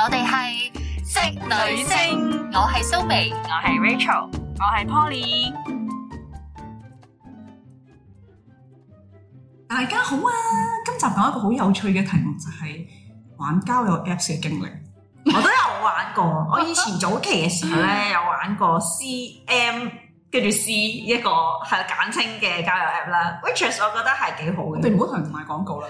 我哋係職女聲，我係蘇眉，我係 Rachel，我係 Poly。大家好啊！今集講一個好有趣嘅題目，就係玩交友 Apps 嘅經歷。我都有玩過，我以前早期嘅時候咧，有玩過 CM 跟住 C 一個係簡稱嘅交友 App 啦。Which is，我覺得係幾好嘅。我哋唔好同人賣廣告啦。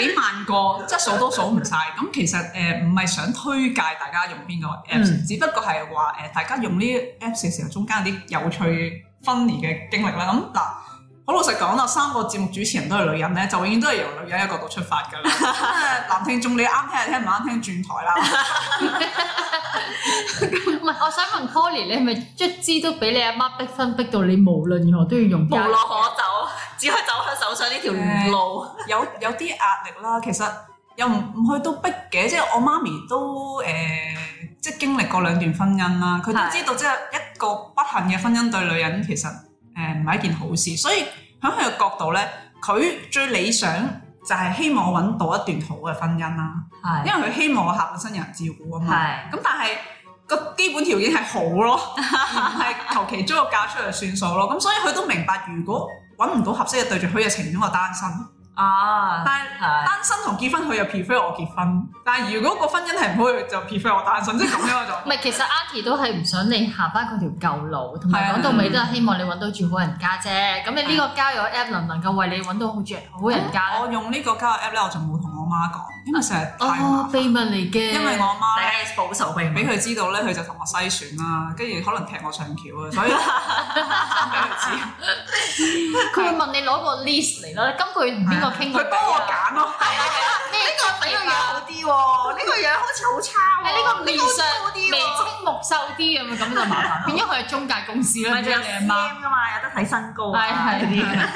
幾萬個質數都數唔晒，咁其實誒唔係想推介大家用邊個 apps，嗯、只不過係話大家用呢個 apps 嘅時候，中間有啲有趣分離嘅經歷啦。咁、嗯好老實講啦，三個節目主持人都係女人咧，就永遠都係由女人一個角度出發㗎啦。 男聽眾你啱聽係聽，唔啱聽轉台啦。唔 係， 我想問 Colin，你係咪卒之都俾你阿媽逼婚逼到你，無論如何都要用？無路可走，只可以走向手上呢條路。 呃、有有啲壓力啦，其實又唔唔去到逼嘅，即係我媽咪都誒、呃，即係經歷過兩段婚姻啦，佢都知道即係一個不幸嘅婚姻對女人其實。誒唔係一件好事，所以喺佢嘅角度咧，佢最理想就係希望揾到一段好嘅婚姻啦。係，是的 因為佢希望我下半身有人照顧啊嘛。係。咁但係個基本條件係好咯，唔係求其租個嫁出去算數咯。咁所以佢都明白，如果揾唔到合適嘅對象，佢又情願我單身。啊！但係單身同結婚，佢又 prefer 我結婚。但係如果個婚姻係唔好就 prefer 我單身。即係咁樣我就唔係。 其實阿 Key 都係唔想你行翻嗰條舊路，同埋講到尾、嗯、都係希望你揾到住好人家啫。咁你呢個交友 app 能唔能夠為你揾到好住好人家，啊？我用呢個交友 app 咧，我就冇同我媽講。因為成日哦秘密嚟嘅，因為我阿媽咧保守性，俾佢知道咧，佢就同我篩選啦，跟住可能踢我上橋啊，所以佢會問你攞個 list 嚟咯，咁佢邊個傾佢幫我揀咯，係啦係啦，呢個比呢個樣好啲喎，呢個樣好似好差喎，呢個面相眉清目秀啲咁樣，咁就麻煩。變咗佢係中介公司啦，因為你阿媽㗎嘛，有得睇身高啊嗰啲。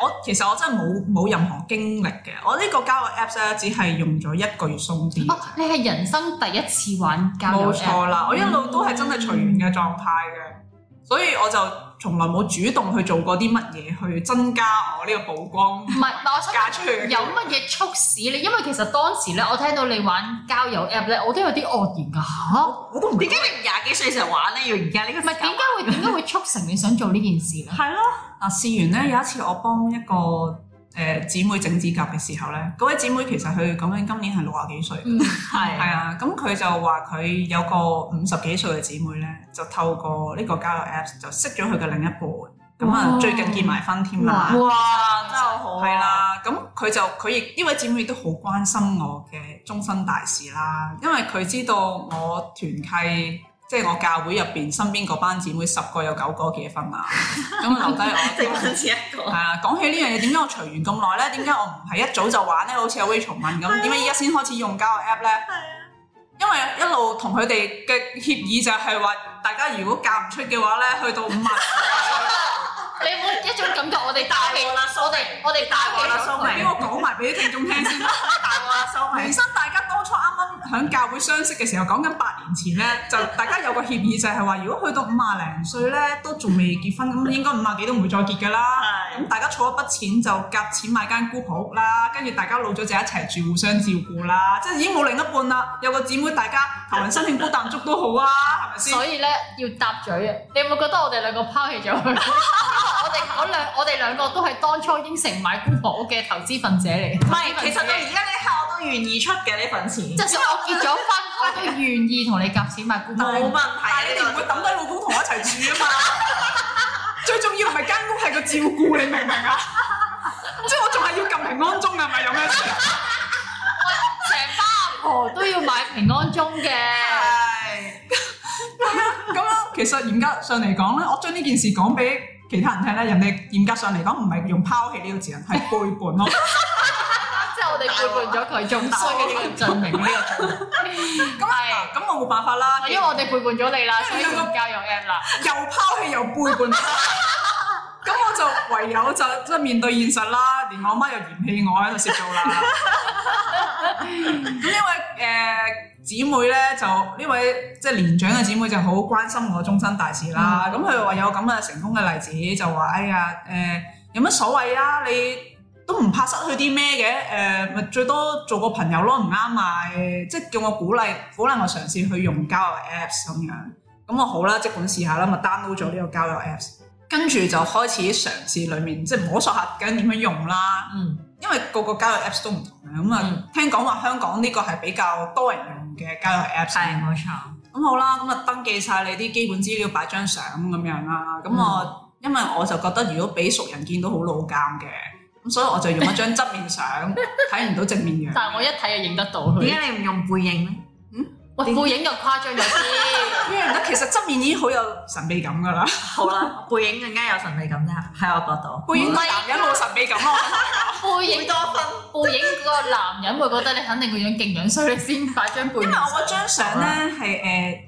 我其實我真係冇冇任何經歷嘅，我呢個交友 Apps、啊、只係用咗一個月鬆啲、啊。你係人生第一次玩交友 a p p 啦？我一路都係真係隨緣嘅狀態嘅，嗯、所以我就。從來冇主動去做過啲乜嘢去增加我呢個曝光，唔係，唔係我出面有乜嘢促使你？因為其實當時咧，我聽到你玩交友 app 咧，我都有啲愕然㗎嚇，我都唔點解你廿幾歲成日玩咧，要而家呢個唔係點解會點解會促成你想做呢件事咧？係咯。嗱，試完咧，有一次我幫一個。誒姊、呃、妹整指甲嘅時候咧，嗰位姊妹其實佢講緊今年係六啊幾歲，係係啊。咁佢 就話佢有個五十幾歲嘅姊妹咧，就透過呢個交友 Apps 就識咗佢嘅另一半，咁啊、哦嗯、最近結埋婚添啦，哇真係好、啊，係啦，咁佢就佢亦呢位姊妹亦都好關心我嘅終身大事啦，因為佢知道我團契。即係我教會入邊身邊嗰班姊妹十個有九個結婚啦，咁留低我剩翻剩一個。係啊，講起呢樣嘢，點解我隨緣咁耐咧？點解我唔係一早就玩咧？好似阿 Rachel 問咁，點解而家先開始用交友 app 咧？係啊，對因為一路同佢哋嘅協議就係話，大家如果嫁唔出嘅話咧，去到五萬。 你有冇一種感覺我我？我哋大鑊啦，收尾，我哋大鑊啦，收尾。俾我講埋俾啲聽眾聽先 大啦，大鑊收尾，起身大初啱啱喺教會相識嘅時候講緊八年前咧，就大家有個協議就係話，如果去到五啊零歲咧都仲未結婚，咁應該五啊幾都唔會再結噶啦。咁的大家儲一筆錢就夾錢買間姑婆屋啦，跟住大家老咗就一齊住互相照顧啦。即係已經冇另一半啦，有個姊妹大家頭暈身㷫煲啖粥都好啊，係咪先？所以咧要搭嘴啊！你有冇覺得我哋兩個拋棄咗佢？ 我哋我兩我哋兩個都係當初應承買姑婆屋嘅投資份者嚟。唔係是，其實到而家你係。願意出嘅呢份錢，就算我結咗婚，我都願意同你夾錢買公屋。冇問題，但係你唔會抌低老公同我一齊住啊嘛。最重要唔係間屋係個照顧，你明唔明啊？即係我仲係要撳平安鐘㗎，係咪有咩事？我成班阿婆都要買平安鐘嘅。咁樣其實嚴格上嚟講咧，我將呢件事講俾其他人聽咧，人哋嚴格上嚟講唔係用拋棄呢個詞，人係背叛咯。背叛咗佢，仲衰嘅呢個證明呢個，咁啊，咁我冇辦法啦，因為我哋背叛咗你啦，所以唔用交友 app 啦，又拋棄又背叛，咁我就唯有就即係面對現實啦，連我媽又嫌棄我喺度食醋啦。咁呢位誒姊妹咧，就呢位即係年長嘅姊妹，就好關心我嘅終身大事啦。咁佢話有咁嘅成功嘅例子，就話：哎呀，誒有乜所謂啊？你都唔怕失去啲咩嘅，誒、呃，咪最多做個朋友咯，唔啱咪即係叫我鼓勵，鼓勵我嘗試去用交友 Apps 咁樣。咁我好啦，即管試下啦，咪 download 咗呢個交友 Apps，跟住就開始嘗試裡面，即係摸索下究竟點樣用啦。嗯，因為個個交友 Apps 都唔同嘅，咁啊聽講話香港呢個係比較多人用嘅交友 Apps。係冇錯。咁好啦，咁啊登記晒你啲基本資料，擺張相咁樣啦。咁我、嗯、因為我就覺得如果俾熟人見到好老尷嘅。所以我就用一張側面相，睇唔 到正面樣。但係我一睇就影得到。點解你唔用背影咧？嗯，喂，背影就誇張咗先。邊唔得？其實側面已經好有神秘感噶啦。好啦，背影更加有神秘感啦，喺我角度。背影男人好神秘感咯。 背影多的分， 背影嗰個男人，會覺得你肯定個樣勁樣衰，先擺張背影。因為我嗰張相咧係誒。了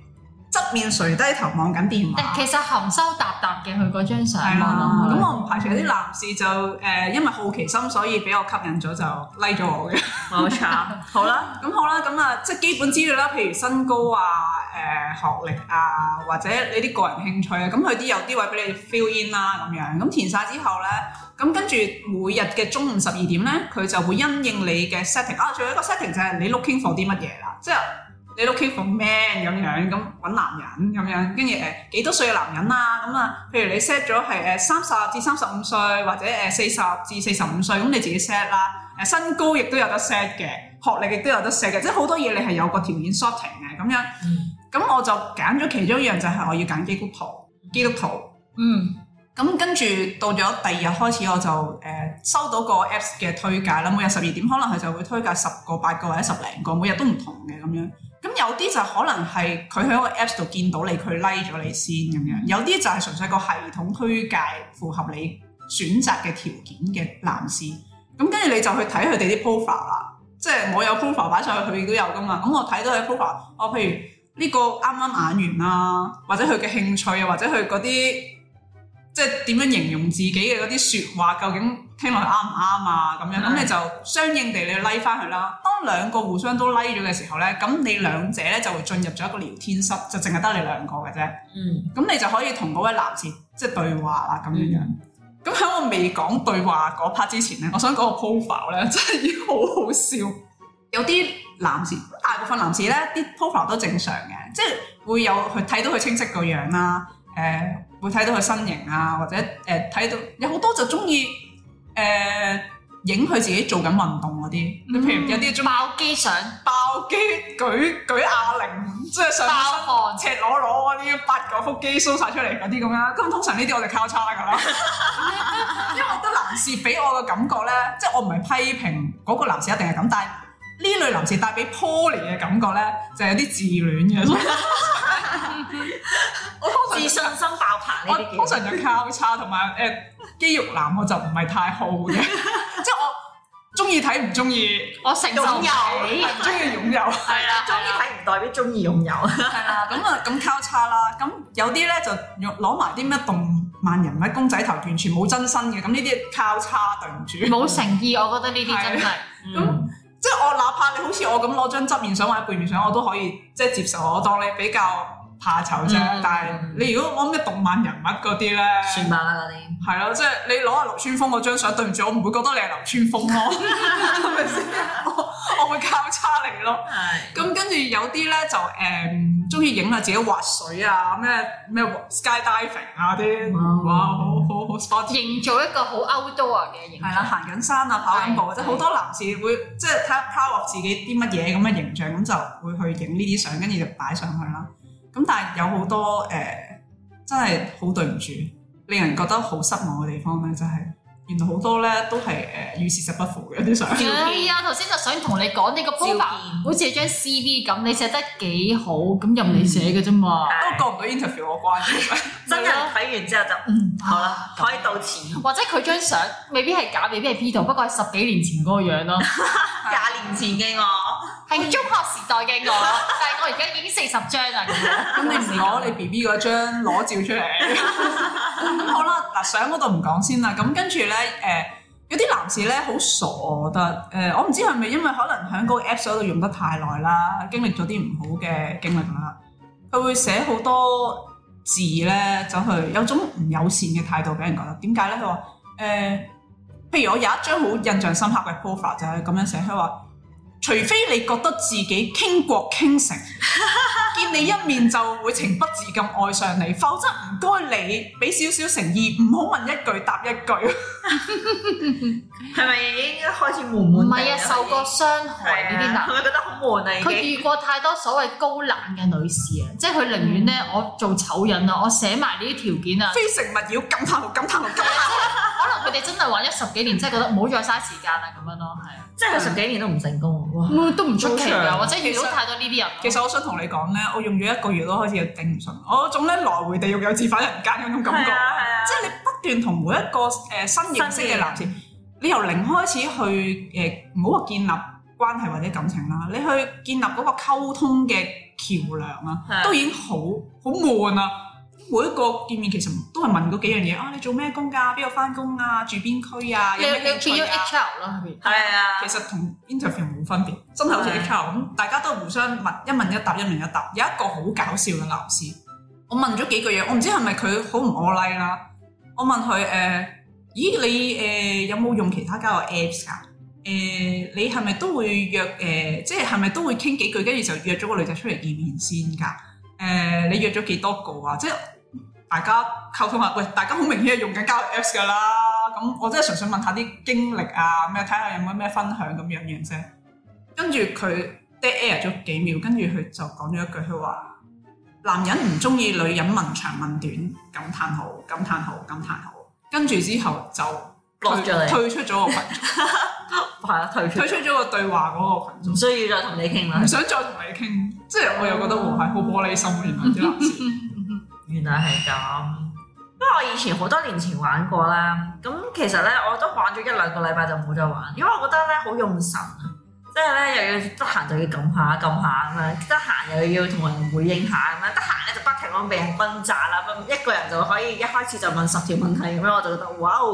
側面垂低頭望緊電話。其實含羞答答嘅佢嗰張相，啊。係啦的。咁他我唔排除有啲男士就誒，嗯、因為好奇心所以俾我吸引咗就拉、like、咗我嘅。冇 錯 好啦，咁好啦，咁啊，即係基本資料啦，譬如身高啊、誒、呃、學歷啊，或者你啲個人興趣啊，咁佢啲有啲位俾你 fill in 啦咁樣。咁填晒之後咧，咁跟住每日嘅中午十二點咧，佢就會因應你嘅 setting。啊，仲有一個 setting 就係你 looking for 啲乜嘢啦，即係。你都屋企放 man 咁樣，咁搵男人咁樣，跟住誒幾多歲嘅男人啦、啊，咁啊，譬如你 set 咗係誒三十至三十五歲，或者誒四十至四十五歲，咁你自己 set 啦。誒、呃、身高亦都有得 set 嘅，學歷亦都有得 set 嘅，即係好多嘢你係有個條件 sorting 嘅咁樣。咁、嗯、我就揀咗其中一樣就係、是、我要揀基督徒，基督徒。嗯。咁跟住到咗第二日開始，我就誒、呃、收到個 apps 嘅推介啦。每日十二點，可能佢就會推介十個、八個或者十零個，每日都唔同嘅咁樣。咁有啲就可能係佢喺個 Apps 度見到你，佢 like 咗你先咁樣。有啲就係純粹個系統推介符合你選擇嘅條件嘅男士。咁跟住你就去睇佢哋啲 profile 啦。即係我有 profile 擺上去，佢都有㗎嘛。咁我睇到佢 profile，我譬如呢個啱啱眼緣啊，或者佢嘅興趣啊，或者佢嗰啲即係點樣形容自己嘅嗰啲説話，究竟，聽落啱唔啱啊？咁、嗯、樣咁、嗯、你就相應地你要 like 返佢啦。當兩個互相都 like 咗嘅時候咧，咁你兩者咧就會進入咗一個聊天室，就淨係得你兩個嘅啫。嗯，咁你就可以同嗰位男士即係、就是、對話啦咁樣樣。咁喺、嗯、我未講對話嗰 part 之前咧，我想講個 profile 咧真係要好好笑。有啲男士，大部分男士咧啲 profile 都正常嘅，即、就、係、是、會有佢睇到佢清晰個樣啦，誒、呃、會睇到佢身形啊，或者誒睇、呃、到有好多就中意。誒影佢自己做緊運動嗰啲，你譬、嗯、如有啲做爆肌相，爆肌舉舉啞鈴，即係上身望赤裸裸嗰啲，八九腹肌 show 曬出嚟嗰啲咁樣，咁通常呢啲我就交叉㗎喇， 因為啲男士俾我嘅感覺咧，即係我唔係批評嗰個男士一定係咁，但係。呢類男士帶俾 Poly 嘅感覺咧，就係有啲自戀嘅。我通常自信心爆棚。我通常嘅交叉同埋誒肌肉男，我就唔係太好嘅。即係我中意睇唔中意，我食手油唔中意擁有。係啦，中意睇唔代表中意擁有，係啦，咁啊咁交叉啦。咁有啲咧就攞埋啲咩動漫人物公仔頭，完全冇真身嘅。咁呢啲交叉對唔住，冇誠意。我覺得呢啲真係咁。即係我，哪怕你好似我咁攞張側面相或者背面相，我都可以即係接受我。我當你比較怕醜啫。嗯、但係你如果我諗嘅動漫人物嗰啲咧，算吧啦嗰啲。係咯、啊，即係你攞下流川楓嗰張相，對唔住，我唔會覺得你係流川楓咯，係咪先？我我會交叉你咯。係的。咁跟住有啲咧就誒。嗯中意影下自己滑水啊，咩咩 skydiving 啊啲， 哇好好好 sporting 營造一個好 outdoor 嘅形象啦，行 緊樂、啊、山啊，跑緊步，唉即係好多男士會即係睇下 power 自己啲乜嘢咁嘅形象，咁就會去影呢啲相，跟住就擺上去啦。咁但係有好多誒、呃，真係好對唔住，令人覺得好失望嘅地方咧，就係。原來好多咧都係誒與事實不符嘅啲相，係、嗯、啊！頭先就想同你講呢個鋪白，好似張 CV 咁，你寫得幾好，咁任你寫嘅啫嘛，嗯、都過唔到 interview 我關係，真係睇完之後就嗯，好啦，啊、可以道歉。或者佢張相未必係假，未必係 P 圖，不過係十幾年前嗰個樣咯，廿年前嘅我。喺中學時代嘅我， 但係我而家已經四十張啦！咁 你唔攞你 B B 嗰張裸照出嚟？咁 好啦，嗱相我就唔講先啦。咁跟住咧，誒、呃、有啲男士咧好傻、呃，我覺得。誒我唔知係咪因為可能喺嗰個 Apps 度用得太耐啦，經歷咗啲唔好嘅經歷啦。佢會寫好多字咧，走去有種唔友善嘅態度俾人覺得。點解咧？佢話誒，譬如我有一張好印象深刻嘅 profile 就係、是、咁樣寫，佢話。除非你覺得自己傾國傾城， 見你一面就會情不自禁愛上你，否則唔該你俾少少誠意，唔好問一句答一句，係咪 已經開始悶悶？唔係啊，受過傷害啲男，佢、啊、覺得好悶啊！佢經遇過太多所謂高冷嘅女士啊，即係佢寧願咧，我做醜人啊，嗯、我寫埋呢啲條件啊， 非誠勿擾，敢談就敢談。 可能佢哋真係玩咗十幾年，真係覺得唔好再嘥時間啦咁樣咯，係啊，即係佢十幾年都唔成功，嗯、哇都唔出奇啊妙，實或者遇到太多呢啲人。其實我想同你講咧，我用咗一個月都開始頂唔順，我總係來回地獄又折返人間嗰種感覺，啊啊、即係你不斷同每一個誒新認識嘅男士，面你由零開始去誒唔好話建立關係或者感情啦，你去建立嗰個溝通嘅橋梁啊，都已經好好悶啊！每一個見面其實都係問嗰幾樣嘢啊！你做咩工㗎、啊？邊度返工啊？住邊區啊？住咗 HR 咯，係啊，啊是是啊其實同 interview 冇分別，真係好似 HR 咁的，大家都互相問一問一答，一問一答。有一個好搞笑嘅男士，我問咗幾句嘢，我唔知係咪佢好唔我 like 啦。我問佢誒、呃，咦你誒、呃、有冇用其他交友 apps 㗎、啊？誒、呃、你係咪都會約誒，即係係咪都會傾幾句，跟住就約咗個女仔出嚟見面先㗎？誒、呃、你約咗幾多個啊？即係。大家溝通下，喂！大家好明顯係用緊交友 Apps 噶啦，咁、嗯、我真係純粹問一下啲經歷啊咩，睇下有冇咩分享咁樣樣啫。跟住佢 dead air 咗幾秒，跟住佢就講咗一句，佢話：男人唔中意女人問長問短，感嘆號，感嘆號，感嘆號。嘆號跟住之後就落退出咗個群，係啊，退出退出咗個對話嗰個羣，唔 需要再同你傾啦。唔想再同你傾，你 即係我又覺得我係好玻璃心，原來啲男。原來係咁，不過我以前好多年前玩過啦。咁其實咧，我都玩咗一兩個禮拜就冇再玩，因為我覺得咧好用神啊。即係咧，又要得閒就要撳下撳下咁樣，得閒又要同人回應下咁樣，得閒咧就不停咁俾人轟炸啦。一個人就可以一開始就問十條問題咁樣，我就覺得哇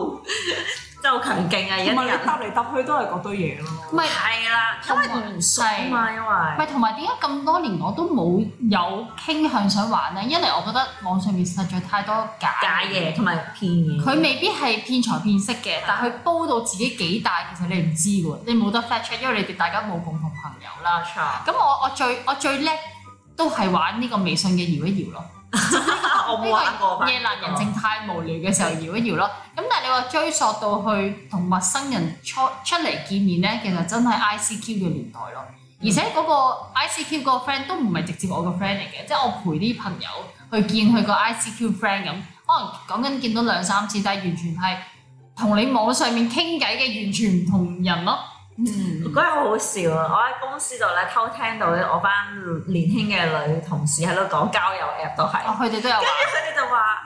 真係好強勁啊！而家有人揼嚟搭去都係嗰堆嘢咯。唔係是，係啦、啊啊，因為年嘛，因為唔係同埋點解咁多年我都冇有傾向想玩咧？因為我覺得網上面實在太多假嘢同埋騙嘢。佢未必係騙財騙色嘅，對但係佢煲到自己幾大，其實你唔知喎。你冇得 fact check，因為你哋大家冇共同朋友啦。咁錯我我最我最叻都係玩呢個微信嘅搖一搖咯。我冇玩過。夜闌人靜太無聊嘅時候 搖一搖咯。咁但係你話追溯到去同陌生人出出嚟見面咧，其實真係 I C Q 嘅年代咯。而且嗰個 I C Q 嗰個 friend 都唔係直接我個 friend 嚟嘅，即係我陪啲朋友去見佢個 I C Q friend 咁，可能講緊見到兩三次，但係完全係同你網上面傾偈嘅完全唔同人咯。嗯，嗰日好好笑啊！我喺公司度咧偷聽到我班年輕嘅女同事喺度講交友 App 都係，佢哋都有跟住佢哋就話，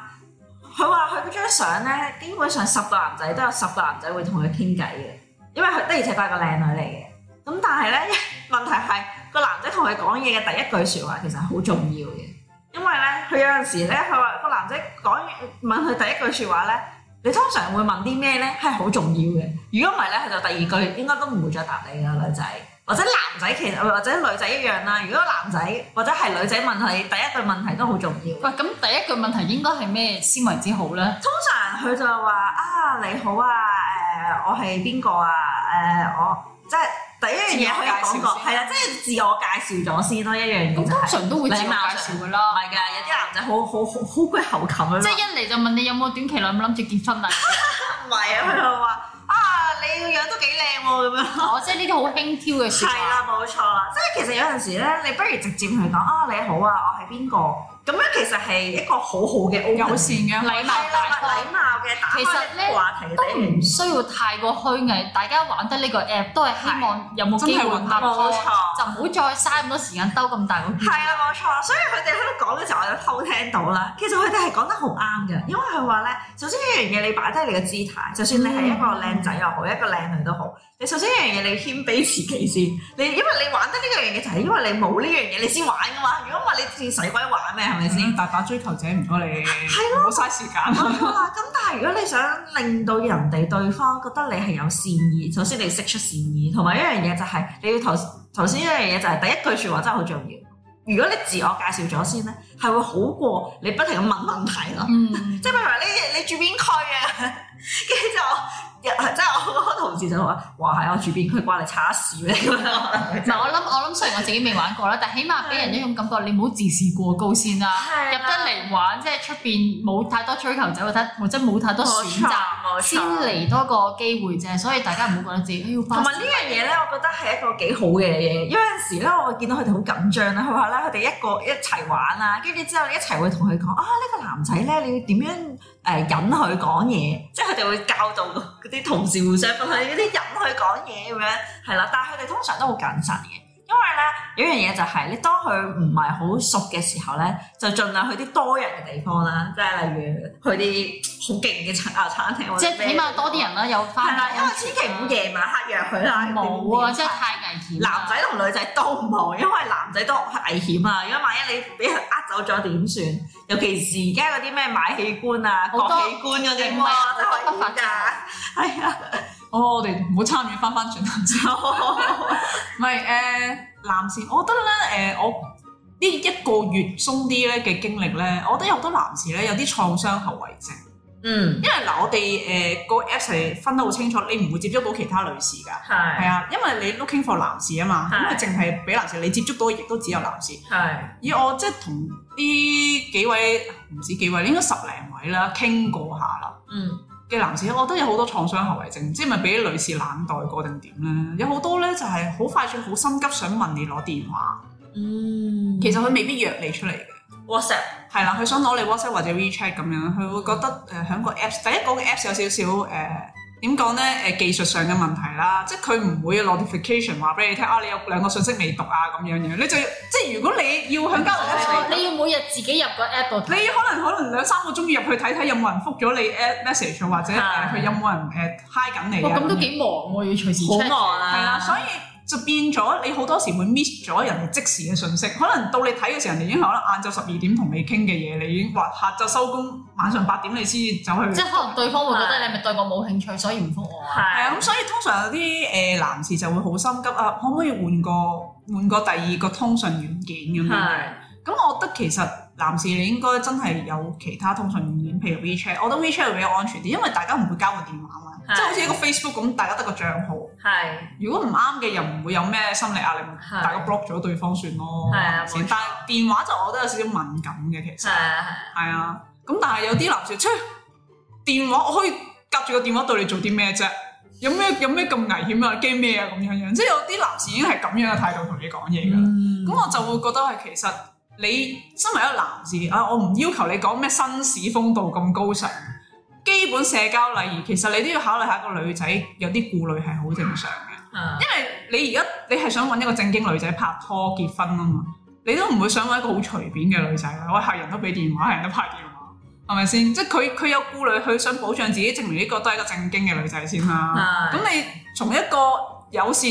佢話佢嗰張相咧，基本上十個男仔都有十個男仔會同佢傾偈嘅，因為佢的而且確係個靚女嚟嘅。咁但係咧，問題係個男仔同佢講嘢嘅第一句説話其實好重要嘅，因為咧佢有陣時咧，佢話個男仔講問佢第一句説話咧。你通常會問啲咩咧？係好重要嘅。如果唔係咧，佢就第二句應該都唔會再答你啦，女仔或者男仔其實或者女仔一樣啦。如果男仔或者係女仔問佢第一句問題都好重要。喂，咁第一句問題應該係咩先為之好咧？通常佢就話：啊，你好啊，誒、呃，我係邊個啊？誒、呃，我即係。第一樣嘢可以講過，係啦，即係自我介紹咗先咯，自介紹都一樣嘢、嗯、就係禮貌。係㗎，有啲男仔好好好好鬼猴擒，即係一嚟就問你有冇短期內冇諗住結婚啊？唔係啊，佢就話啊，你個樣都幾靚喎咁樣。哦， 即係呢啲好輕佻嘅説話。係啦， 冇錯啦，即係其實有陣時咧，你不如直接同佢講啊，你好啊，我係邊個。咁樣其實係一個好好嘅友善嘅禮貌，禮貌嘅打開個話題。其實咧都唔需要太過虛偽，大家玩得呢個 app 都係希望有冇機會拍，冇的錯，就唔好再嘥咁多時間兜咁大個圈。係啊，冇錯。所以佢哋喺度講嘅時候，我就偷聽到啦。其實佢哋係講得好啱嘅，因為佢話咧，首先一樣嘢你擺低你嘅姿態，就算你係一個靚仔又好，嗯、一個靚女都好，你首先一樣嘢你謙卑時先。你因為你玩得呢個樣嘢，就係因為你冇呢樣嘢，你先玩噶嘛。如果唔係，你自使鬼玩咩？係先？大把追求者唔過你，好嘥的時間啊！咁、嗯嗯、但係如果你想令到人哋對方覺得你係有善意，首先你要釋出善意，同埋一樣嘢就係、是、你要頭頭先一樣嘢就係第一句説話真係好重要。如果你自我介紹咗先咧，係會好過你不停噉問問題啦。嗯，即係譬如話你你住邊區啊？ 跟住之後，即係我個同事就話：哇！係我住邊？佢關你叉事咧。唔係我諗，我諗雖然我自己未玩過啦， 但起碼俾人一種感覺，你唔好自視過高先啦。入的得嚟玩，即係出邊冇太多追求者，覺得或者冇太多選擇，先嚟多個機會啫。所以大家唔好覺得自己哎，同埋呢樣嘢咧，我覺得係一個幾好嘅嘢。有陣時咧，我見到佢哋好緊張啦。佢話咧，佢哋一個一齊玩啦，跟住之後你一齊會同佢講：啊呢、這個男仔咧，你要點樣？誒引佢講嘢，即係佢哋會教導嗰啲同事互相分享，嗰啲引佢講嘢咁樣係啦，但係佢哋通常都好謹慎嘅。因為咧有一樣嘢就係、是，你當佢唔係好熟嘅時候咧，就盡量去啲多人嘅地方啦，即係例如去啲好勁嘅茶啊餐廳，即係是起碼多啲人啦、啊，有翻。係啦，因為千祈唔好夜晚黑約佢啦。冇啊，即係 5 點 太危險。男仔同女仔都唔好，因為男仔都危險啊！如果萬一你俾人呃走咗點算？尤其是而家嗰啲咩買器官啊、割多器官嗰啲買，都係不法噶。係啊。 哦，我哋唔好參與翻翻轉頭，唔係誒，男士，我覺得咧誒、呃、我呢一個月鬆啲咧嘅經歷咧，我覺得有好多男士咧有啲創傷後遺症。嗯，因為嗱、呃、我哋誒個 Apps 係分得好清楚，你唔會接觸到其他女士㗎。係係啊，因為你 looking for 男士啊嘛，咁咪淨係俾男士你接觸到，亦都只有男士。係以是的 我即係同呢幾位唔止幾位，應該十零位啦，傾過下啦。嗯。嘅男士，我覺得有好多創傷後遺症，唔知係咪俾啲女士冷待過定點咧？有好多咧就係、是、好快脆，好心急想問你攞電話。嗯，其實佢未必約你出嚟嘅 WhatsApp 係啦，佢想攞你 WhatsApp 或者 WeChat 咁樣，佢會覺得誒喺、嗯呃、個 Apps 第一嗰個 Apps 有少少誒。呃嗯點講咧？誒技術上嘅問題啦，即係佢唔會有 notification 話俾你聽啊！你有兩個信息未讀啊咁樣樣，你就要即係如果你要向交流一時、嗯、你要每日自己入個 app 度，你可能可能兩三個鐘要入去睇睇有冇人覆咗你 at message 或者佢有冇人誒 hi 緊你、嗯哦哦、啊。咁都幾忙，我要隨時出嚟。好忙啊！係啦、啊，所以。就變咗，你好多時會 miss 咗人哋即時嘅信息。可能到你睇嘅時候，人哋已經可能晏晝十二點同你傾嘅嘢，你已經話下晝收工。晚上八點你先至走去。即係可能對方會覺得你咪對我冇興趣，所以唔覆我啊。係啊的，咁的所以通常有啲誒男士就會好心急啊，可唔可以換個換個第二個通訊軟件咁樣？係的。咁我覺得其實男士你應該真係有其他通訊軟件，譬如 WeChat。我覺得 WeChat 會比較安全啲，因為大家唔會交換電話即係好似一個 Facebook 咁，大家得個帳號。係是。如果唔啱嘅人，唔會有咩心理壓力，是大家 block 咗對方算咯。係啊的。但係電話就我都有少少敏感嘅，其實係啊。係咁的的但係有啲男士，出、嗯、電話我可以隔住個電話對你做啲咩啫？有咩有咩咁危險啊？驚咩啊？咁樣樣，即係有啲男士已經係咁樣嘅態度同你講嘢㗎。咁、嗯、我就會覺得係其實你身為一個男士啊，我唔要求你講咩紳士風度咁高尚。基本社交禮儀，其實你都要考慮下個女仔有啲顧慮係好正常嘅，嗯、因為你而家你係想揾一個正經女仔拍拖結婚啊嘛，你都唔會想揾一個好隨便嘅女仔啦，客人都俾電話，客人都拍電話，係咪先？即係佢佢有顧慮，佢想保障自己，證明呢個都係一個正經嘅女仔先啦。咁、嗯、你從一個友善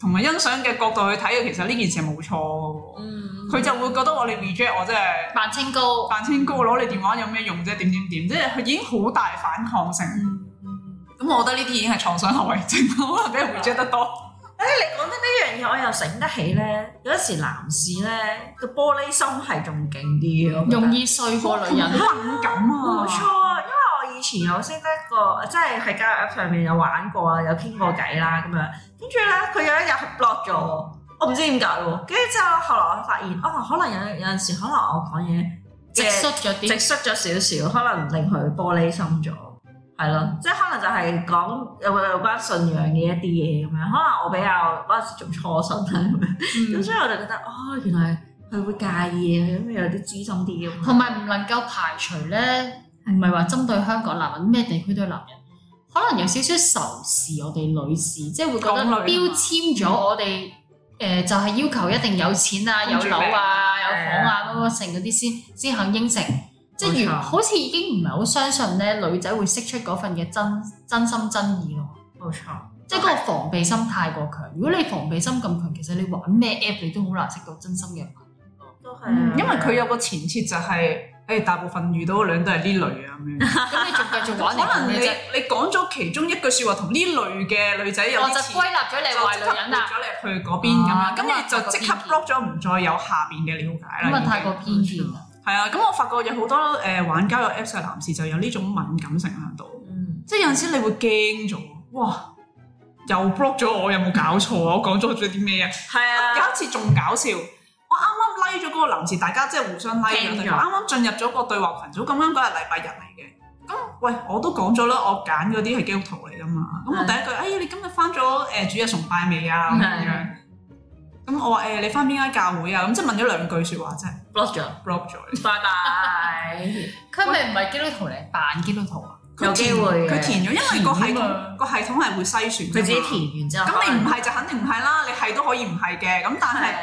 同埋欣賞嘅角度去睇，其實呢件事係冇錯。嗯佢就會覺得我你 reject 我真係扮清高，扮清高攞你電話有咩用啫？點點點，即係佢已經好大反抗性。咁、嗯、我覺得呢啲已經係創傷後遺症可能俾人 reject 得、嗯、多。誒，你講得呢樣嘢，我又醒得起咧。有時男士咧個玻璃心係仲勁啲，容易碎過女人好敏、哦、感啊。冇、啊、錯，因為我以前有識得個，即係喺交友 App 上面有玩過，有過有啊，有傾過偈啦咁樣。跟住咧，佢有一日 block 咗我唔知點解喎，跟住之後，後來我發現，哦，可能有有陣時，可能我講嘢直率咗啲，直率咗少少，可能令佢玻璃心咗，係咯，即係可能就係講有冇有關信仰嘅一啲嘢咁樣，可能我比較嗰陣、嗯、時做錯身啦咁樣，咁、嗯、 所以我就覺得，哦，原來佢會介意嘅，咁、嗯、有啲資深啲咯。同埋唔能夠排除咧，唔係話針對香港男人，咩的地區都係男人，可能有少少仇視我哋女士，即係會覺得標籤咗我哋、嗯。嗯誒、呃、就係、是、要求一定有錢啊、跟着 有樓啊、啊有房啊嗰的個性嗰啲先先肯應承，錯即係好似已經唔係好相信咧女仔會識出嗰份嘅真真心真意咯。冇錯，即係嗰個防備心太過強。如果你防備心咁強，其實你玩咩 app 你都好難識到真心嘅朋友都係，因為佢有個前設就係、是。誒、欸、大部分遇到嘅女人都係呢類啊咁樣，咁你仲繼續講？可能你你講咗其中一句説話，同呢類嘅女仔有啲似，我就歸納咗你話女人啦，咗你去嗰邊咁啊，咁樣你就即刻 block 咗，唔再有下邊嘅了解啦。咁啊，太過偏見係啊，咁我發覺有好多誒玩交友 Apps 嘅男士就有呢種敏感性喺度，即係有陣時你會驚咗，哇！又 block 咗我，有冇搞錯啊？我講咗咗啲咩啊？係啊，有一次仲搞笑。拉咗嗰個臨時，大家即係互相拉啊，啱啱進入咗個對話群組。咁樣嗰日禮拜日嚟嘅。咁喂，我都講咗啦，我揀嗰啲係基督徒嚟噶嘛。咁我第一句，哎，你今日翻咗誒主日崇拜未啊？咁樣。咁我話誒，你翻邊間教會啊？咁即係問咗兩句說話啫。block 咗，block 咗。拜拜。佢咪唔係基督徒嚟，扮基督徒啊？有機會。佢填咗，因為個係個個系統係會篩選，佢自己填完之後。咁你唔係就肯定唔係啦，你係都可以唔係嘅。咁但係。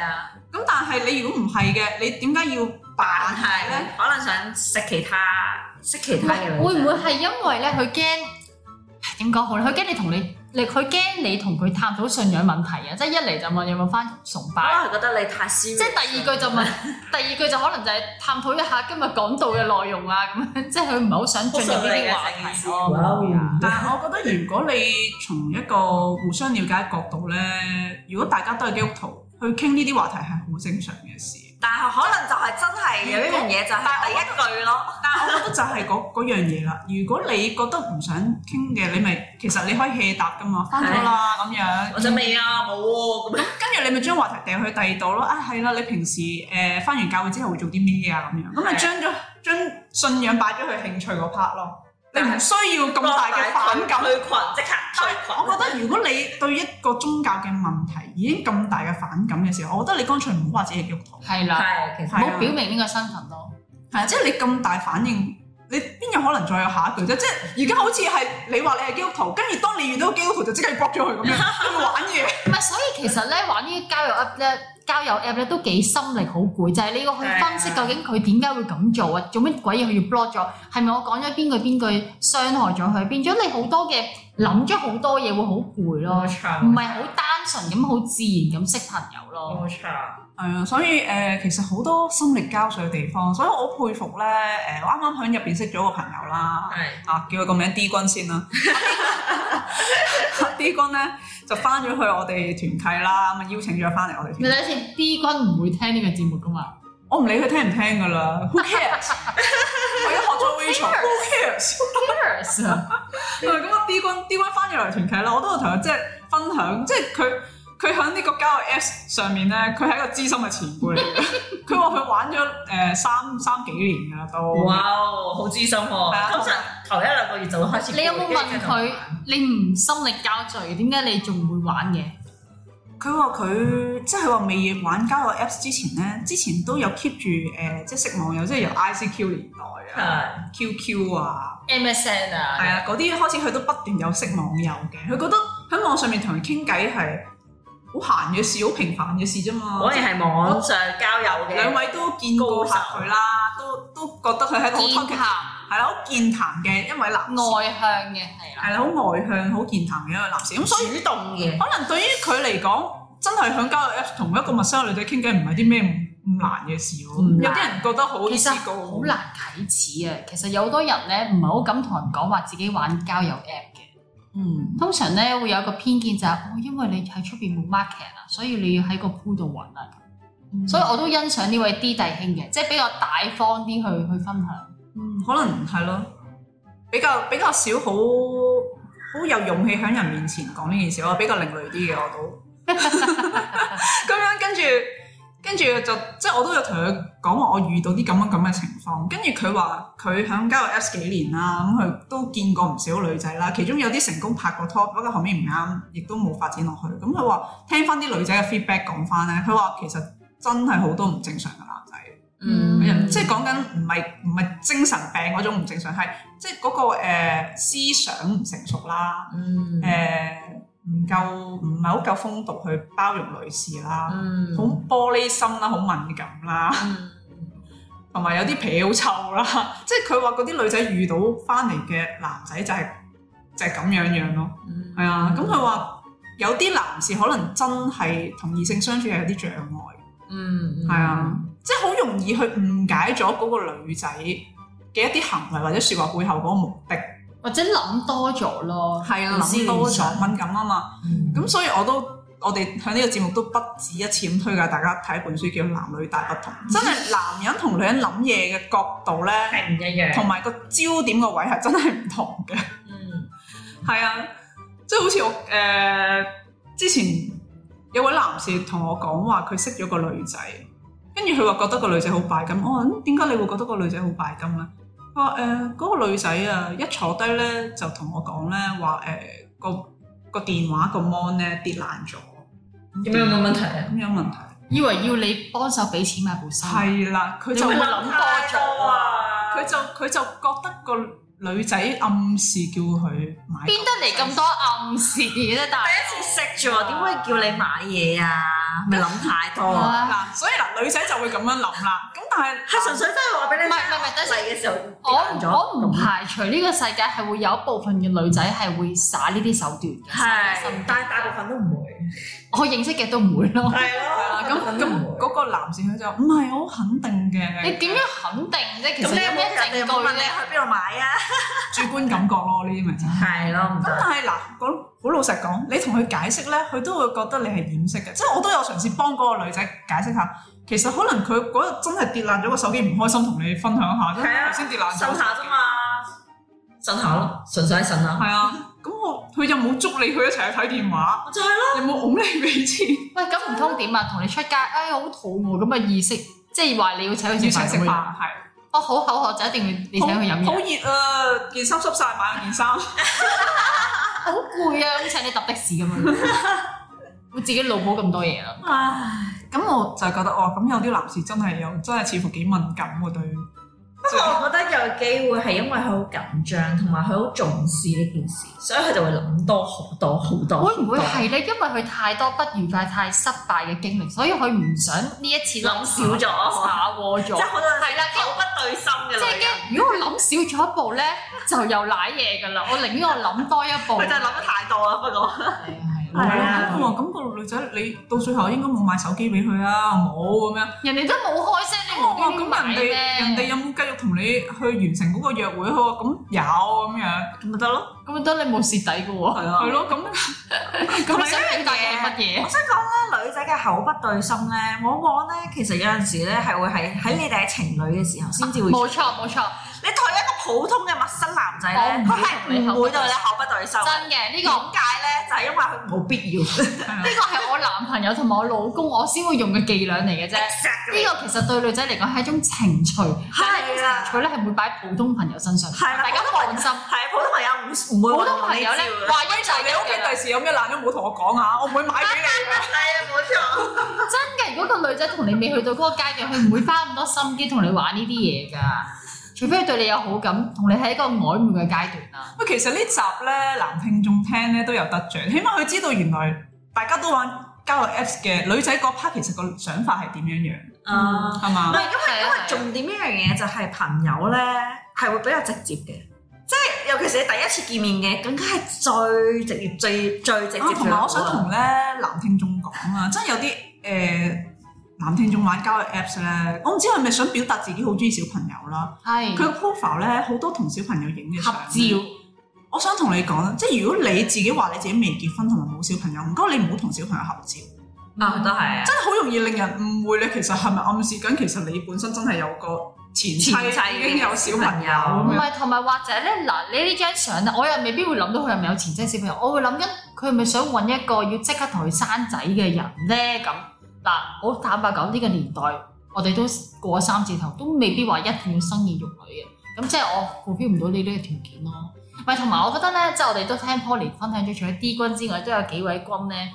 咁但係你如果唔係嘅，你點解要扮係咧？可能想食其他，食其他嘅。會唔會係因為咧？佢驚點講好咧？佢驚你同你，你佢驚你同佢探討信仰問題啊！即係一嚟就問有冇返崇拜，可能係覺得你太消。即係第二句就問， 第二句就可能就係探討一下今日講到嘅內容啊！咁即係佢唔係好想進入呢啲話題。但係我覺得如果你從一個互相了解角度咧，如果大家都係基督徒。去傾呢啲話題係好正常嘅事，但係可能就係真係有一樣嘢就係第一句咯。 但係我覺得就係嗰樣嘢啦。如果你覺得唔想傾嘅，你咪其實你可以 hea 答噶嘛，翻咗啦咁樣。的嗯、我仲未啊，冇咁、啊。跟住 你咪將話題掉去第二度咯。啊，係啦，你平時誒翻、呃、完教會之後會做啲咩嘢啊咁樣？咁咪將咗將信仰擺咗去興趣嗰 part 咯。你唔需要咁大嘅反感，去群，群，即刻推群。我覺得如果你對一個宗教嘅問題已經咁大嘅反感嘅時候，我覺得你乾脆唔好話自己係基督徒，係啦，冇表明呢個身份咯。係啊，即係你咁大反應。你邊有可能再有下一句啫？即係而家好似係你話你係基督徒，跟住當你遇到基督徒就即刻 block 咗佢咁樣玩嘢。唔係，所以其實咧玩呢啲交友 app 咧，交友 app 咧都幾心靈好攰，就係你要去分析究竟佢點解會咁做啊？做咩鬼嘢佢要 block 咗？係咪我講咗邊句邊句傷害咗佢？變咗你好多嘅諗咗好多嘢，會好攰咯。唔係好單純咁好自然咁識朋友咯。係啊，uh, 所以誒，uh, 其實好多心力交瘁嘅地方，所以我好佩服咧。誒，我啱啱喺入邊識咗個朋友啦，啊，叫佢個名 D 君先、 uh, D 君啦。D 君咧就翻咗去我哋團契啦，咁邀請咗翻嚟我哋。你睇下先，D 君唔會聽呢個節目噶嘛？我唔理佢聽唔聽噶啦，Who cares？我而家學咗 WeChat，Who cares？Don't care。係咁啊，D 君，D 君翻咗嚟團契啦，我都有同佢即係分享，即係佢。佢喺呢個交友 Apps 上面咧，佢係一個資深嘅前輩嚟嘅。佢話佢玩咗誒、呃、三三幾年噶都。哇好、wow，資深喎、哦！通常、啊、頭一兩個月就會開始。你有冇問佢？你唔心力交瘁，點解你仲會玩嘅？佢話佢即係話未玩交友 Apps 之前咧，之前都有 keep 住誒，即係識網友，嗯、即係由 ICQ 年代啊，QQ 啊，MSN 啊，係啊，嗰啲開始佢都不斷有識網友嘅。佢覺得喺網上面同人傾偈係好閒嘅事，好平凡嘅事啫嘛。我哋係網上交友嘅，兩位都見過下佢啦，都都覺得佢係好健談，係咯，好健談嘅一位男士。外向嘅係啦，係咯，好外向、好健談嘅一個男士。咁所以主動嘅，可能對於佢嚟講，真係喺交友 App 同一個陌生女仔傾偈，唔係啲咩唔難嘅事喎。有啲人覺得好唔好意思，好難啟齒啊。其實有多人咧，唔係好敢同人講話自己玩交友 App。嗯，通常咧會有一個偏見就係、是哦，因為你喺出邊冇 market 啊，所以你要喺個鋪度揾啊。嗯，所以我都欣賞呢位 D 弟兄嘅，即係比較大方啲去去分享。嗯，可能係咯，比較比較少好好有勇氣喺人面前講呢件事，我比較另類啲嘅我都。咁 樣跟住。跟住就即係我都有同佢講話，我遇到啲咁樣咁嘅情況。跟住佢話佢喺交友 Apps 幾年啦，咁佢都見過唔少女仔啦。其中有啲成功拍過拖，不過後面唔啱，亦都冇發展落去。咁佢話聽翻啲女仔嘅 feedback 講翻咧，佢話其實真係好多唔正常嘅男仔，嗯，即係講緊唔係唔係精神病嗰種唔正常，係即係嗰個、呃、思想唔成熟啦，嗯，誒、呃。唔夠，唔係好夠風度去包容女士啦，好、嗯、玻璃心啦，好敏感啦，同埋、嗯、 有啲皮好臭啦，即係佢話嗰啲女仔遇到翻嚟嘅男仔就係、是、就係、是、咁樣樣咯，係、嗯、啊，咁佢話有啲男士可能真係同異性相處有啲障礙、嗯，嗯，係啊，即係好容易去誤解咗嗰個女仔嘅一啲行為或者說話背後嗰個目的。或者諗多咗咯，係啊，諗多咗敏感啊嘛，咁所以我都我哋喺呢個節目都不止一次咁推介大家睇一本書叫《男女大不同》，真係男人同女人諗嘢嘅角度咧係唔一樣，同埋個焦點個位係真係唔同嘅。嗯，係啊，即係好似我誒之前有位男士同我講話，佢識咗個女仔，跟住佢話覺得個女仔好拜金。我，點解你會覺得個女仔好拜金咧？話誒嗰個女仔啊，一坐低咧就同我講咧話誒個個電話個 mon 咧跌爛咗，有冇話問題啊？咁有問題啊，以為要你幫手俾錢買部手機。係啦，佢就會諗多咗，佢啊，就佢就覺得個。女仔暗示叫佢買邊得嚟咁多暗示咧？但係第一次食住喎，點會叫你買嘢啊？咪諗太多啦！嗱，所以嗱，女仔就會咁樣諗啦。咁但係係純粹都係話俾你，唔係咪得第嘅時候我我唔排除呢個世界係會有一部分嘅女仔係會耍呢啲手段嘅，係，但係大部分都唔會。我認識嘅都唔會咯，係咯，咁咁嗰個男士佢就話唔係，我好肯定嘅。你點樣肯定啫？其實有咩證據咧？喺邊度買啊？主觀感覺咯，呢啲咪真係咯。咁但係嗱，講好老實講，你同佢解釋咧，佢都會覺得你係掩飾嘅。即係我都有嘗試幫嗰個女仔解釋下，其實可能佢嗰日真係跌爛咗個手機，唔開心同你分享下，頭先跌爛呻下啫嘛，呻下咯，純粹係呻下啊，係啊。佢又冇捉你去一齊去睇電話，就係咯。你冇哄你俾錢？喂，咁唔通點啊？同你出街，哎好肚餓，咁嘅意識，即係話你要請佢要請食飯，係。我好口渴就一定要你請佢飲。好熱啊，件衫濕晒，買件衫。好攰啊，請你搭的士咁樣，我自己腦補咁多嘢咯。咁我就覺得哦，咁有啲男士真係有，真係似乎幾敏感喎，對我覺得有機會係因為佢好緊張，同埋佢好重視呢件事，所以佢就會諗多好多好多,好多會會。會唔會係咧？因為佢太多不愉快、太失敗嘅經歷，所以佢唔想呢一次諗少咗，把握咗，係啦，即好口不對心嘅啦。即係驚，如果佢諗少咗一步咧， 就又賴嘢噶啦。我寧願我諗多一步。佢 真係諗得太多啦，不過。 係啊、哎！我話咁個女仔，你到最後應該冇買手機俾佢啊，冇咁樣。人哋都冇開聲，你冇買咩？咁人哋人哋有冇繼續同你去完成嗰個約會？佢咁有咁樣，咪得咯。咁咪得你冇蝕底嘅喎，係啊。係咯，咁咁想明白嘅乜嘢？呢我想講咧，女仔嘅口不對心咧，往往咧其實有陣時咧係會喺喺你哋喺情侶嘅時候先至會,會、嗯啊。冇錯，冇錯。你同一個普通嘅陌生男仔咧，佢係唔會對你口不對心。真嘅，呢個點解咧？就係因為佢冇必要。呢個係我男朋友同埋我老公，我先會用嘅伎倆嚟嘅啫。呢個其實對女仔嚟講係一種情趣，但係情趣咧係會擺喺普通朋友身上。係大家放心。係啊，普通朋友唔唔會普通朋友咧，話一就你屋企第時有咩難都唔好同我講啊，我唔會買嘢㗎。係啊，冇錯。真嘅，如果個女仔同你未去到嗰個階段，佢唔會花咁多心機同你玩呢啲嘢㗎。除非佢對你有好感，同你喺一個曖昧嘅階段啦。喂，其實呢集咧，男聽眾聽咧都有得獎，起碼佢知道原來大家都玩交友 Apps 嘅女仔嗰 part 其實個想法係點樣樣，係嘛、啊？唔係吧因為因為、啊啊啊、重點一樣嘢就係朋友咧係會比較直接嘅，即係尤其是你第一次見面嘅，更加係最直接、最最，最直接。同埋、啊、我想同咧、啊、男聽眾講啊，真係有啲誒。呃嗯男聽眾玩交友 Apps 咧，我唔知佢係咪想表達自己好鍾意小朋友啦。係佢 profile 咧好多同小朋友影嘅合照。我想同你講啦，即係如果你自己話你自己未結婚同埋冇小朋友，唔該你唔好同小朋友合照。啊，都係真係好容易令人誤會你，其實係咪暗示緊其實你本身真係有個前妻已經有小朋友？唔係，同埋或者咧嗱，你呢張相我又未必會諗到佢係咪有前妻小朋友。我會諗緊佢係咪想搵一個要即刻同佢生仔嘅人咧咁。我坦白講，呢、這個年代我哋都過三字頭，都未必話一定要生兒育女嘅。咁即係我目標唔到你呢啲嘅條件咯。唔同埋我覺得咧，即係我哋都聽 Poly 分享咗，除咗 D 君之外，都有幾位君咧。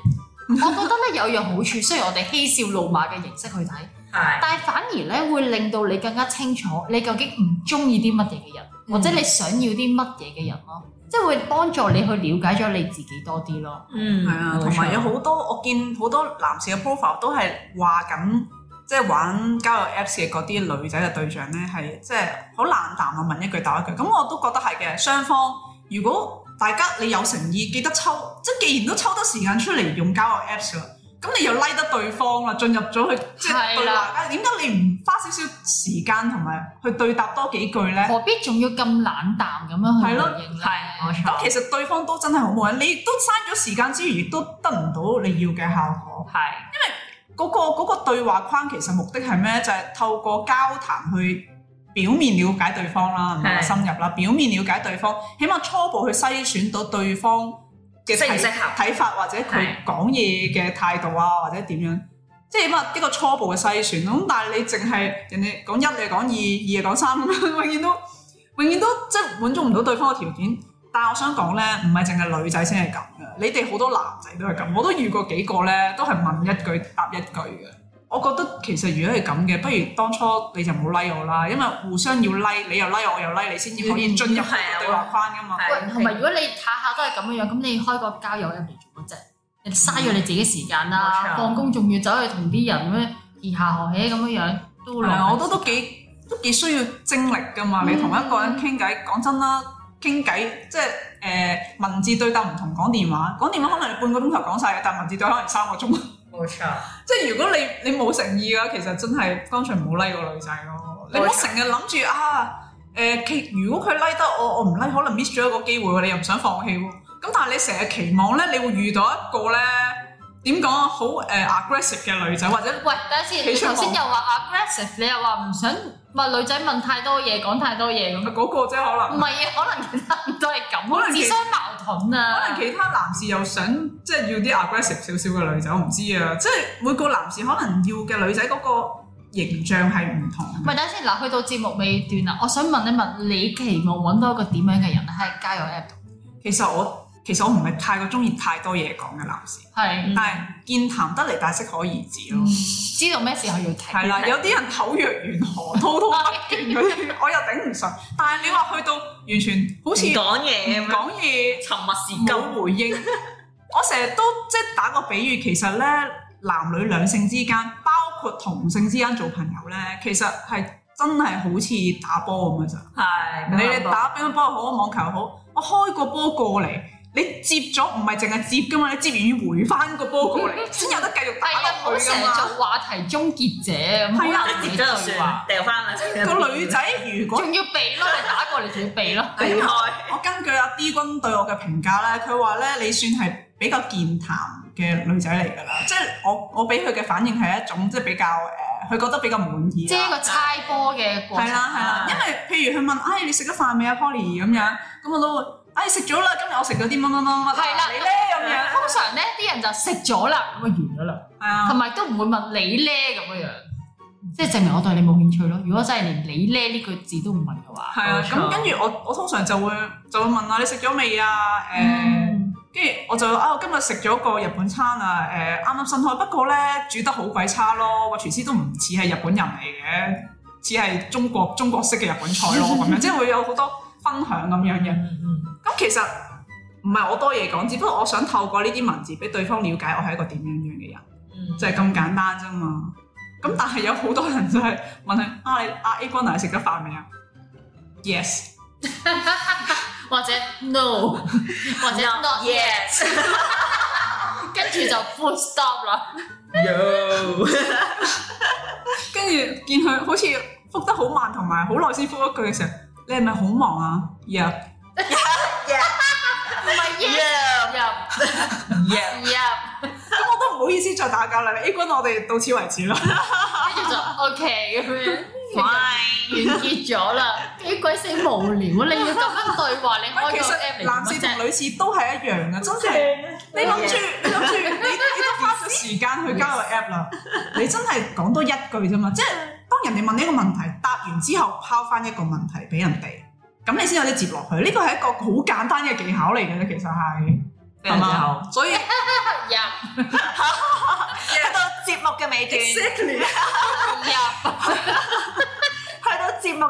我覺得咧有一樣好處， 雖然我哋嬉笑怒罵嘅形式去睇，是但係反而咧會令到你更加清楚你究竟唔中意啲乜嘢嘅人，或者你想要啲乜嘢嘅人咯。嗯即係會幫助你去了解咗你自己多啲咯，嗯，係啊，同埋有好多我見好多男士嘅 profile 都係話緊，即係玩交友 apps 嘅嗰啲女仔嘅對象咧，係即係好冷淡啊，問一句答一句，咁我都覺得係嘅。雙方如果大家你有誠意，記得抽，即係既然都抽得時間出嚟用交友 apps 啦。咁你又拉、like、得對方啦，進入咗去即係對話間。的點解你唔花少少時間同埋去對答多幾句咧？何必仲要咁冷淡咁樣去應咧？係，冇錯。哎、喲其實對方都真係好冇眼，你都嘥咗時間之餘，亦都得唔到你要嘅效果。係的，因為嗰、那個嗰、那個對話框其實目的係咩？就係、是、透過交談去表面了解對方啦，唔係深入啦。的表面了解對方，起碼初步去篩選到對方。嘅睇法或者佢講嘢嘅態度啊，或者點樣，即係起碼一個初步嘅篩選咁。但係你淨係人哋講一，你講二，嗯、二就講三，永遠都永遠都即係滿足唔到對方嘅條件。但係我想講咧，唔係淨係女仔先係咁嘅，你哋好多男仔都係咁。我都遇過幾個咧，都係問一句答一句嘅。我覺得其實如果係咁嘅，不如當初你就唔好 like 我啦，因為互相要 like，你又 like，我又 like，你先至可以進入對話框噶嘛。係，同埋如果你下下都係咁樣樣，咁你開個交友入嚟做乜啫？你嘥咗你自己時間啦，放工仲要走去同啲人咁而下學起咁樣樣。係啊，我都都幾都幾需要精力噶嘛。嗯、你同一個人傾偈，講、嗯、真啦，傾偈即係誒、呃、文字對答唔同講電話，講電話可能你半個鐘頭講晒嘅，但文字對可能三個鐘。 冇錯，即係如果你你冇誠意嘅話，其實真係乾脆唔好 like 個女仔咯。沒錯 你唔好成日諗住啊，誒、呃，如果佢拉、like、得我，我我唔 like，可能 miss 咗一個機會，你又唔想放棄喎，咁但係你成日期望咧，你會遇到一個咧。點講啊，好誒 aggressive 嘅女仔或者喂，等下先，你頭先又話 aggressive，你又話唔想話女仔問太多嘢，講太多嘢咁啊，嗰個啫可能唔係啊，可能其他都係咁，自相矛盾啊。可能其他男士又想即係要啲 aggressive 少少嘅女仔，我唔知啊。即係每個男士可能要嘅女仔嗰個形象係唔同。唔係，等下先嗱，去到節目尾段啊，我想問一問你期望揾到一個點樣嘅人喺交友 App 度？其實我其實我唔係太過中意太多嘢講嘅男士，係是但係健談得嚟，但係適可而止咯。知道咩時候要停。係啦的，止有啲人口若懸河滔滔不絕嗰啲， 我又頂唔順。但係你話去到完全好似講嘢講嘢，沉默時冇回應。 我成日都即係、就是、打個比喻，其實咧男女兩性之間，包括同性之間做朋友咧，其實係真係好似打波咁嘅咋，係你打乒乓波好，網球好，我開個波過嚟。你接咗唔係淨係接㗎嘛？你接完要回翻個波過嚟，先有得繼續低一女噶嘛？成做話題終結者，咁係啊，接咗兩話掉翻啦。個女仔如果仲要避咯，你打過嚟仲要避咯。另外，我根據阿 D 君對我嘅評價咧，佢話咧你算係比較健談嘅女仔嚟㗎啦。即係我我俾佢嘅反應係一種即係比較誒，佢覺得比較滿意。即係一個猜波嘅過程。係啦係啦，因為譬如佢問：，哎，你食咗飯未啊，Poly？咁樣咁我都會。哎，食咗啦，今日我食咗啲乜乜乜乜，係啦的，你咧咁樣。通常咧，啲人就食咗啦，咁啊完咗啦，係啊的，同埋都唔會問你咧咁嘅樣，即係證明我對你冇興趣咯。如果真係連你咧呢個字都唔問嘅話，係啊的。咁跟住我，我通常就會就會問、呃嗯、就啊，你食咗未啊？誒，跟住我就啊，今日食咗個日本餐啊，誒、呃，啱啱新開，不過咧煮得好鬼差咯，個廚師都唔似係日本人嚟嘅，似係中國中國式嘅日本菜咯，咁樣即係會有好多。分享咁樣嘅，咁、嗯嗯、其實唔係我多嘢講，只不過我想透過呢啲文字，俾對方了解我係一個點樣樣嘅人，嗯、就係咁簡單啫嘛。咁但係有好多人就係問佢啊，阿 A n 你食咗飯未啊？Yes， 或者 No，或者 n o Yes，跟住就 Full Stop 啦。 Yo. 跟住見佢好似覆得好慢，同埋好耐先覆一句嘅時候。你係咪好忙啊？Yeah Yeah Yeah，唔係 Yeah Yeah Yeah，咁我都唔好意思再打攪啦。A 君，我哋到此為止啦。跟住就 OK 咁樣 f 完結咗啦。啲鬼死無聊，你要咁樣對話，你開個 app 嚟其實男士同女士都係一樣嘅，真係你諗住你諗住你你都花咗時間去加個 app 啦。你真係講多一句啫嘛，即係。當人哋問呢個問題，答完之後拋翻一個問題俾人哋，咁你先有啲接落去。呢個係一個好簡單嘅技巧嚟嘅咧，其實係。係嘛 Yeah. 嗎？所以入入到節目嘅尾段。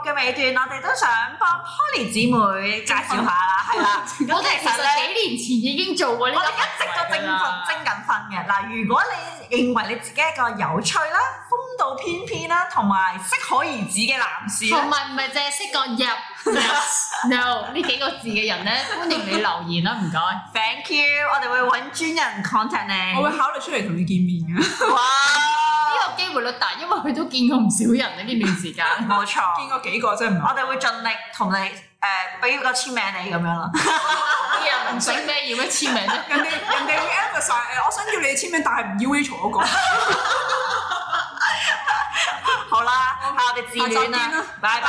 嘅尾段，我哋都想幫 Poly 姊妹介紹下啦，係啦，我哋其實幾年前已經做過呢，我哋一直都精訓精緊訓嘅。嗱、嗯，如果你認為你自己係一個有趣啦、風度翩翩啦，同埋適可而止嘅男士，同埋唔係淨係識講嘢。No，呢幾個字嘅人咧，歡迎你留言啦，唔該。Thank you，我哋會揾專人 contact 你。我會考慮出嚟同你見面嘅。哇！呢個機會率大，因為佢都見過唔少人呢段時間。冇錯，見過幾個真係唔。我哋會盡力同你誒俾個簽名你咁樣啦。啲人唔使咩？要咩簽名啫？人哋人哋會 answer 我想要你嘅簽名，但係唔要 U H O 嗰個。好啦，我哋自戀啦，拜拜。